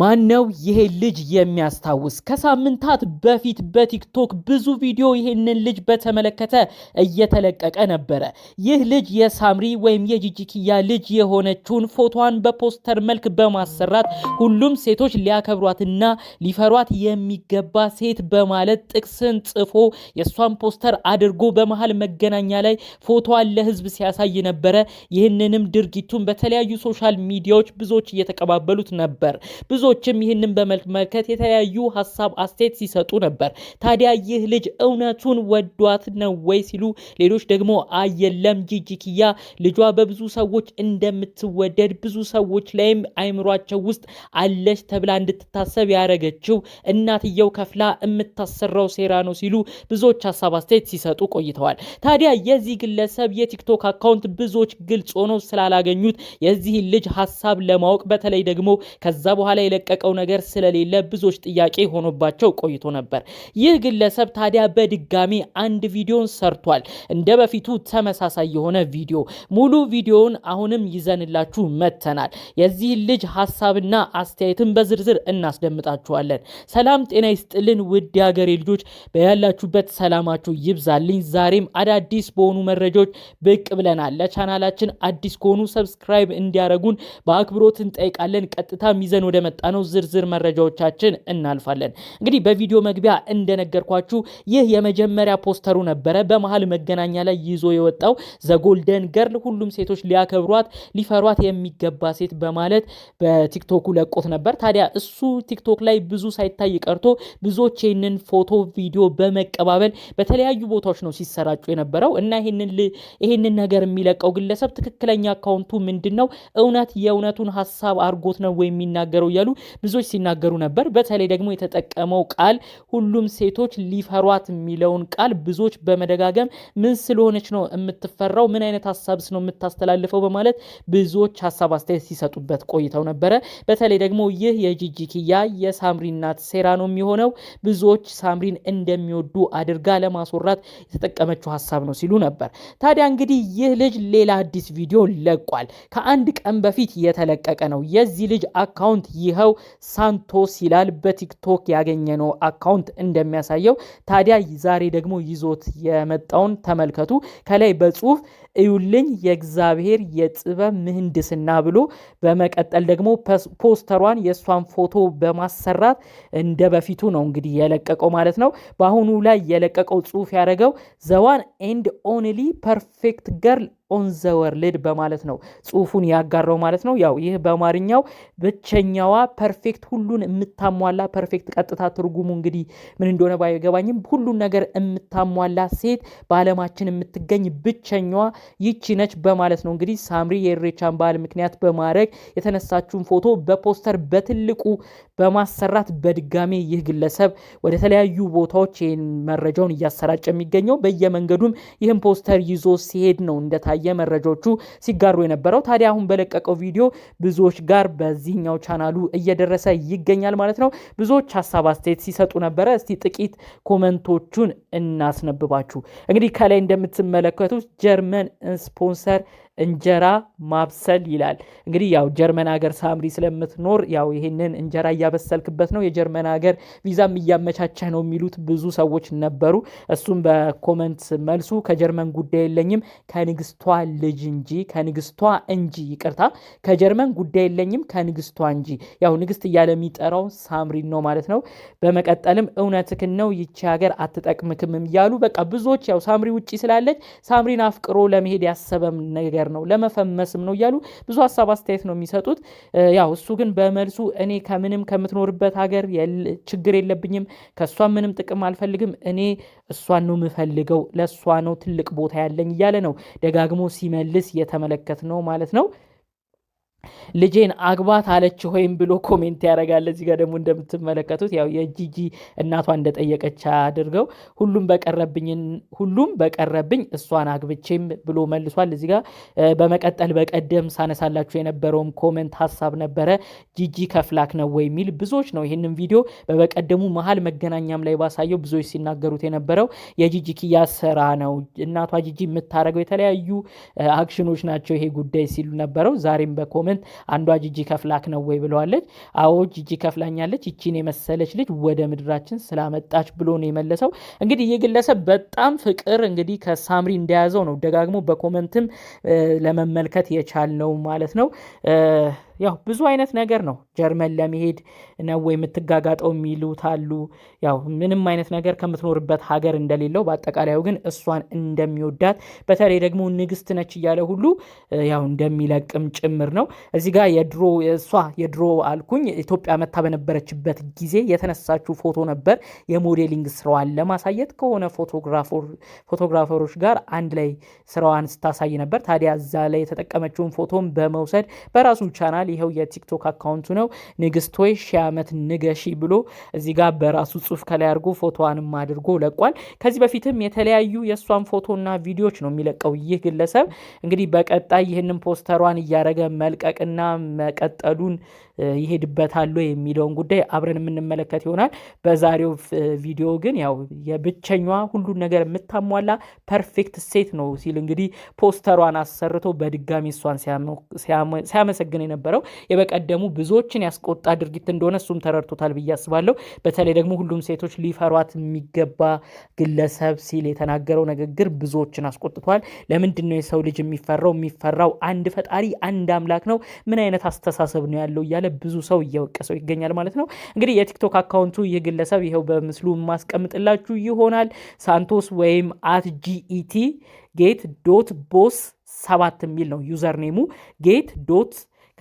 ነው ይሄ ልጅ የሚያስታውስ? ከሳምንታት በፊት በቲክቶክ ብዙ ቪዲዮ ይህንን ልጅ በተመለከተ እየተለቀቀ ነበረ። ይህ ልጅ የሳምሪ ወይም የጂጂኪያ ልጅ የሆነችውን ፎቶዋን በፖስተር መልክ በማሰራት ሁሉም ሴቶች ሊያከብሯትና ሊፈሯት የሚገባ ሴት በማለት ጥቅስን ጽፎ የእሷን ፖስተር አድርጎ በመሃል መገናኛ ላይ ፎቶዋን ለህዝብ ሲያሳይ ነበረ። ይህንንም ድርጊቱን በተለያዩ ሶሻል ሚዲያዎች ብዙዎች እየተቀባበሉት ነበር። ብዙዎችም ይህንን በመመልከት የተለያዩ ሀሳብ አስተያየት ሲሰጡ ነበር። ታዲያ ይህ ልጅ እውነቱን ወዷት ነው ወይ ሲሉ፣ ሌሎች ደግሞ አየለም ጂጂኪያ ልጇ በብዙ ሰዎች እንደምትወደድ ብዙ ሰዎች ላይም አይምሯቸው ውስጥ አለች ተብላ እንድትታሰብ ያደረገችው እናትየው ከፍላ የምታሰራው ሴራ ነው ሲሉ ብዙዎች ሀሳብ አስተያየት ሲሰጡ ቆይተዋል። ታዲያ የዚህ ግለሰብ የቲክቶክ አካውንት ብዙዎች ግልጽ ሆኖ ስላላገኙት የዚህን ልጅ ሀሳብ ለማወቅ በተለይ ደግሞ ከዛ በኋላ የለቀቀው ነገር ስለሌለ ብዙዎች ጥያቄ ሆኖባቸው ቆይቶ ነበር። ይህ ግለሰብ ታዲያ በድጋሚ አንድ ቪዲዮን ሰርቷል። እንደ በፊቱ ተመሳሳይ የሆነ ቪዲዮ ሙሉ ቪዲዮውን አሁንም ይዘንላችሁ መተናል። የዚህ ልጅ ሀሳብና አስተያየትን በዝርዝር እናስደምጣችኋለን። ሰላም ጤና ይስጥልን ውድ የሀገሬ ልጆች በያላችሁበት ሰላማችሁ ይብዛልኝ። ዛሬም አዳዲስ በሆኑ መረጃዎች ብቅ ብለናል። ለቻናላችን አዲስ ከሆኑ ሰብስክራይብ እንዲያደርጉን በአክብሮት እንጠይቃለን። ቀጥታ ይዘን ወደ ወዳመጣነው ዝርዝር መረጃዎቻችን እናልፋለን። እንግዲህ በቪዲዮ መግቢያ እንደነገርኳችሁ ይህ የመጀመሪያ ፖስተሩ ነበረ። በመሀል መገናኛ ላይ ይዞ የወጣው ዘጎልደን ገርል ሁሉም ሴቶች ሊያከብሯት ሊፈሯት የሚገባ ሴት በማለት በቲክቶኩ ለቆት ነበር። ታዲያ እሱ ቲክቶክ ላይ ብዙ ሳይታይ ቀርቶ ብዙዎች ይህንን ፎቶ ቪዲዮ በመቀባበል በተለያዩ ቦታዎች ነው ሲሰራጩ የነበረው እና ይህንን ነገር የሚለቀው ግለሰብ ትክክለኛ አካውንቱ ምንድን ነው? እውነት የእውነቱን ሀሳብ አርጎት ነው የሚናገረው እያሉ ብዙዎች ሲናገሩ ነበር። በተለይ ደግሞ የተጠቀመው ቃል ሁሉም ሴቶች ሊፈሯት የሚለውን ቃል ብዙዎች በመደጋገም ምን ስለሆነች ነው የምትፈራው? ምን አይነት ሀሳብስ ነው የምታስተላልፈው? በማለት ብዙዎች ሀሳብ አስተያየት ሲሰጡበት ቆይተው ነበረ። በተለይ ደግሞ ይህ የጂጂ ኪያ የሳምሪ እናት ሴራ ነው የሚሆነው ብዙዎች ሳምሪን እንደሚወዱ አድርጋ ለማስወራት የተጠቀመችው ሀሳብ ነው ሲሉ ነበር። ታዲያ እንግዲህ ይህ ልጅ ሌላ አዲስ ቪዲዮ ለቋል። ከአንድ ቀን በፊት የተለቀቀ ነው። የዚህ ልጅ አካውንት ይህ ይኸው ሳንቶስ ይላል በቲክቶክ ያገኘነው አካውንት እንደሚያሳየው። ታዲያ ዛሬ ደግሞ ይዞት የመጣውን ተመልከቱ። ከላይ በጽሁፍ እዩልኝ የእግዚአብሔር የጥበብ ምህንድስና ብሎ በመቀጠል ደግሞ ፖስተሯን የእሷን ፎቶ በማሰራት እንደ በፊቱ ነው እንግዲህ የለቀቀው ማለት ነው። በአሁኑ ላይ የለቀቀው ጽሁፍ ያደረገው ዘዋን ኤንድ ኦንሊ ፐርፌክት ገርል ኦን ዘ ወርልድ በማለት ነው ጽሁፉን ያጋራው ማለት ነው። ያው ይህ በአማርኛው ብቸኛዋ ፐርፌክት፣ ሁሉን የምታሟላ ፐርፌክት፣ ቀጥታ ትርጉሙ እንግዲህ ምን እንደሆነ ባይገባኝም ሁሉን ነገር የምታሟላ ሴት በዓለማችን የምትገኝ ብቸኛዋ ይቺ ነች በማለት ነው እንግዲህ ሳምሪ የኢሬቻን በዓል ምክንያት በማድረግ የተነሳችውን ፎቶ በፖስተር በትልቁ በማሰራት በድጋሜ ይህ ግለሰብ ወደ ተለያዩ ቦታዎች ይህን መረጃውን እያሰራጨ የሚገኘው በየመንገዱም ይህን ፖስተር ይዞ ሲሄድ ነው እንደታየ በየመረጃዎቹ ሲጋሩ የነበረው ታዲያ አሁን በለቀቀው ቪዲዮ ብዙዎች ጋር በዚህኛው ቻናሉ እየደረሰ ይገኛል ማለት ነው። ብዙዎች ሀሳብ አስተያየት ሲሰጡ ነበረ። እስቲ ጥቂት ኮመንቶቹን እናስነብባችሁ። እንግዲህ ከላይ እንደምትመለከቱት ጀርመን ስፖንሰር እንጀራ ማብሰል ይላል። እንግዲህ ያው ጀርመን ሀገር ሳምሪ ስለምትኖር ያው ይህንን እንጀራ እያበሰልክበት ነው፣ የጀርመን ሀገር ቪዛም እያመቻቸህ ነው የሚሉት ብዙ ሰዎች ነበሩ። እሱም በኮመንት መልሱ ከጀርመን ጉዳይ የለኝም ከንግስቷ ልጅ እንጂ ከንግስቷ እንጂ ይቅርታ፣ ከጀርመን ጉዳይ የለኝም ከንግስቷ እንጂ ያው ንግስት እያለ የሚጠራው ሳምሪን ነው ማለት ነው። በመቀጠልም እውነትክን ነው ይቺ ሀገር አትጠቅምክምም እያሉ በቃ ብዙዎች ያው ሳምሪ ውጪ ስላለች ሳምሪን አፍቅሮ ለመሄድ ያሰበም ነገር ነገር ነው ለመፈመስም ነው እያሉ ብዙ ሀሳብ አስተያየት ነው የሚሰጡት። ያው እሱ ግን በመልሱ እኔ ከምንም ከምትኖርበት ሀገር ችግር የለብኝም፣ ከእሷ ምንም ጥቅም አልፈልግም፣ እኔ እሷን ነው የምፈልገው፣ ለእሷ ነው ትልቅ ቦታ ያለኝ እያለ ነው ደጋግሞ ሲመልስ የተመለከት ነው ማለት ነው። ልጄን አግባት አለች ወይም ብሎ ኮሜንት ያደርጋል። እዚህ ጋር ደግሞ እንደምትመለከቱት ያው የጂጂ እናቷ እንደጠየቀች አድርገው ሁሉም በቀረብኝን ሁሉም በቀረብኝ እሷን አግብቼም ብሎ መልሷል። እዚህ ጋር በመቀጠል በቀደም ሳነሳላችሁ የነበረውም ኮሜንት ሀሳብ ነበረ ጂጂ ከፍላክ ነው ወይ የሚል ብዙዎች ነው ይህንም ቪዲዮ በበቀደሙ መሀል መገናኛም ላይ ባሳየው ብዙዎች ሲናገሩት የነበረው የጂጂ ኪያ ስራ ነው እናቷ ጂጂ የምታደርገው የተለያዩ አክሽኖች ናቸው ይሄ ጉዳይ ሲሉ ነበረው ዛሬም በኮሜንት ሳምንት አንዷ ጂጂ ከፍላክ ነው ወይ ብለዋለች። አዎ ጂጂ ከፍላኛለች፣ ይቺን የመሰለች ልጅ ወደ ምድራችን ስላመጣች ብሎ ነው የመለሰው። እንግዲህ ይህ ግለሰብ በጣም ፍቅር እንግዲህ ከሳምሪ እንደያዘው ነው ደጋግሞ በኮመንትም ለመመልከት የቻልነው ማለት ነው። ያው ብዙ አይነት ነገር ነው። ጀርመን ለመሄድ ነው የምትጋጋጠው የሚሉት አሉ። ያው ምንም አይነት ነገር ከምትኖርበት ሀገር እንደሌለው በአጠቃላዩ ግን እሷን እንደሚወዳት በተለይ ደግሞ ንግስት ነች እያለ ሁሉ ያው እንደሚለቅም ጭምር ነው። እዚህ ጋር የድሮ እሷ የድሮ አልኩኝ ኢትዮጵያ መታ በነበረችበት ጊዜ የተነሳችው ፎቶ ነበር። የሞዴሊንግ ስራዋን ለማሳየት ከሆነ ፎቶግራፈሮች ጋር አንድ ላይ ስራዋን ስታሳይ ነበር። ታዲያ እዛ ላይ የተጠቀመችውን ፎቶን በመውሰድ በራሱ ቻናል ይላል። ይኸው የቲክቶክ አካውንቱ ነው። ንግስት ሆይ ዓመት ንገሺ ብሎ እዚህ ጋር በራሱ ጽሁፍ ከላይ አድርጎ ፎቶዋንም አድርጎ ለቋል። ከዚህ በፊትም የተለያዩ የእሷን ፎቶና ቪዲዮዎች ነው የሚለቀው ይህ ግለሰብ እንግዲህ በቀጣይ ይህንን ፖስተሯን እያደረገ መልቀቅና መቀጠሉን ይሄድበታሉ የሚለውን ጉዳይ አብረን የምንመለከት ይሆናል። በዛሬው ቪዲዮ ግን ያው የብቸኛዋ ሁሉን ነገር የምታሟላ ፐርፌክት ሴት ነው ሲል እንግዲህ ፖስተሯን አሰርቶ በድጋሚ እሷን ሲያመሰግን የነበረ የነበረው የበቀደሙ ብዙዎችን ያስቆጣ ድርጊት እንደሆነ እሱም ተረድቶታል ብዬ አስባለሁ። በተለይ ደግሞ ሁሉም ሴቶች ሊፈሯት የሚገባ ግለሰብ ሲል የተናገረው ንግግር ብዙዎችን አስቆጥቷል። ለምንድን ነው የሰው ልጅ የሚፈራው? የሚፈራው አንድ ፈጣሪ አንድ አምላክ ነው። ምን አይነት አስተሳሰብ ነው ያለው? እያለ ብዙ ሰው እየወቀሰው ይገኛል ማለት ነው። እንግዲህ የቲክቶክ አካውንቱ ይህ ግለሰብ ይኸው በምስሉ ማስቀምጥላችሁ ይሆናል። ሳንቶስ ወይም አት ጂኢቲ ጌት ዶት ቦስ ሰባት የሚል ነው ዩዘርኔሙ ጌት ዶት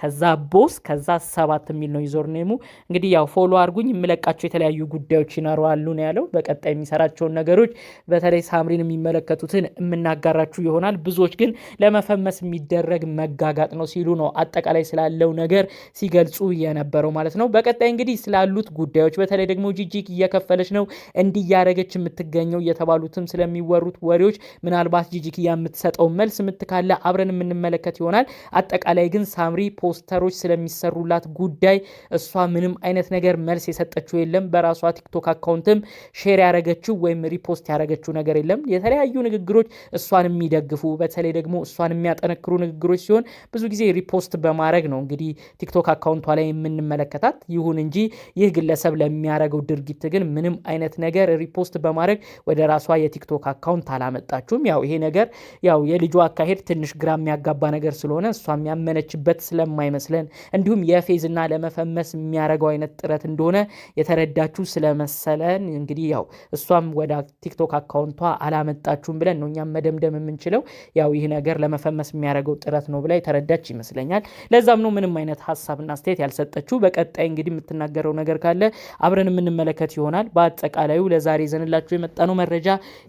ከዛ ቦስ ከዛ ሰባት የሚል ነው ይዞር ኔሙ። እንግዲህ ያው ፎሎ አርጉኝ የምለቃቸው የተለያዩ ጉዳዮች ይኖረዋሉ ነው ያለው። በቀጣይ የሚሰራቸውን ነገሮች በተለይ ሳምሪን የሚመለከቱትን የምናጋራችሁ ይሆናል። ብዙዎች ግን ለመፈመስ የሚደረግ መጋጋጥ ነው ሲሉ ነው አጠቃላይ ስላለው ነገር ሲገልጹ የነበረው ማለት ነው። በቀጣይ እንግዲህ ስላሉት ጉዳዮች በተለይ ደግሞ ጂጂክ እየከፈለች ነው እንዲያደረገች የምትገኘው እየተባሉትም ስለሚወሩት ወሬዎች ምናልባት ጂጂክ የምትሰጠው መልስ ምትካለ አብረን የምንመለከት ይሆናል። አጠቃላይ ግን ሳምሪ ፖ ፖስተሮች ስለሚሰሩላት ጉዳይ እሷ ምንም አይነት ነገር መልስ የሰጠችው የለም። በራሷ ቲክቶክ አካውንትም ሼር ያደረገችው ወይም ሪፖስት ያደረገችው ነገር የለም። የተለያዩ ንግግሮች እሷን የሚደግፉ በተለይ ደግሞ እሷን የሚያጠነክሩ ንግግሮች ሲሆን ብዙ ጊዜ ሪፖስት በማድረግ ነው እንግዲህ ቲክቶክ አካውንቷ ላይ የምንመለከታት። ይሁን እንጂ ይህ ግለሰብ ለሚያደረገው ድርጊት ግን ምንም አይነት ነገር ሪፖስት በማድረግ ወደ ራሷ የቲክቶክ አካውንት አላመጣችሁም። ያው ይሄ ነገር ያው የልጇ አካሄድ ትንሽ ግራ የሚያጋባ ነገር ስለሆነ እሷ የሚያመነችበት ስለ እንደማይመስለን እንዲሁም የፌዝና ለመፈመስ የሚያደርገው አይነት ጥረት እንደሆነ የተረዳችሁ ስለመሰለን እንግዲህ ያው እሷም ወደ ቲክቶክ አካውንቷ አላመጣችሁም ብለን ነው እኛም መደምደም የምንችለው። ያው ይህ ነገር ለመፈመስ የሚያደርገው ጥረት ነው ብላ የተረዳች ይመስለኛል። ለዛም ነው ምንም አይነት ሀሳብና አስተያየት ያልሰጠችው። በቀጣይ እንግዲህ የምትናገረው ነገር ካለ አብረን የምንመለከት ይሆናል። በአጠቃላዩ ለዛሬ ይዘንላችሁ የመጣነው መረጃ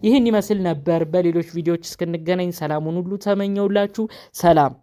ይህን ይመስል ነበር። በሌሎች ቪዲዮዎች እስክንገናኝ ሰላሙን ሁሉ ተመኘውላችሁ። ሰላም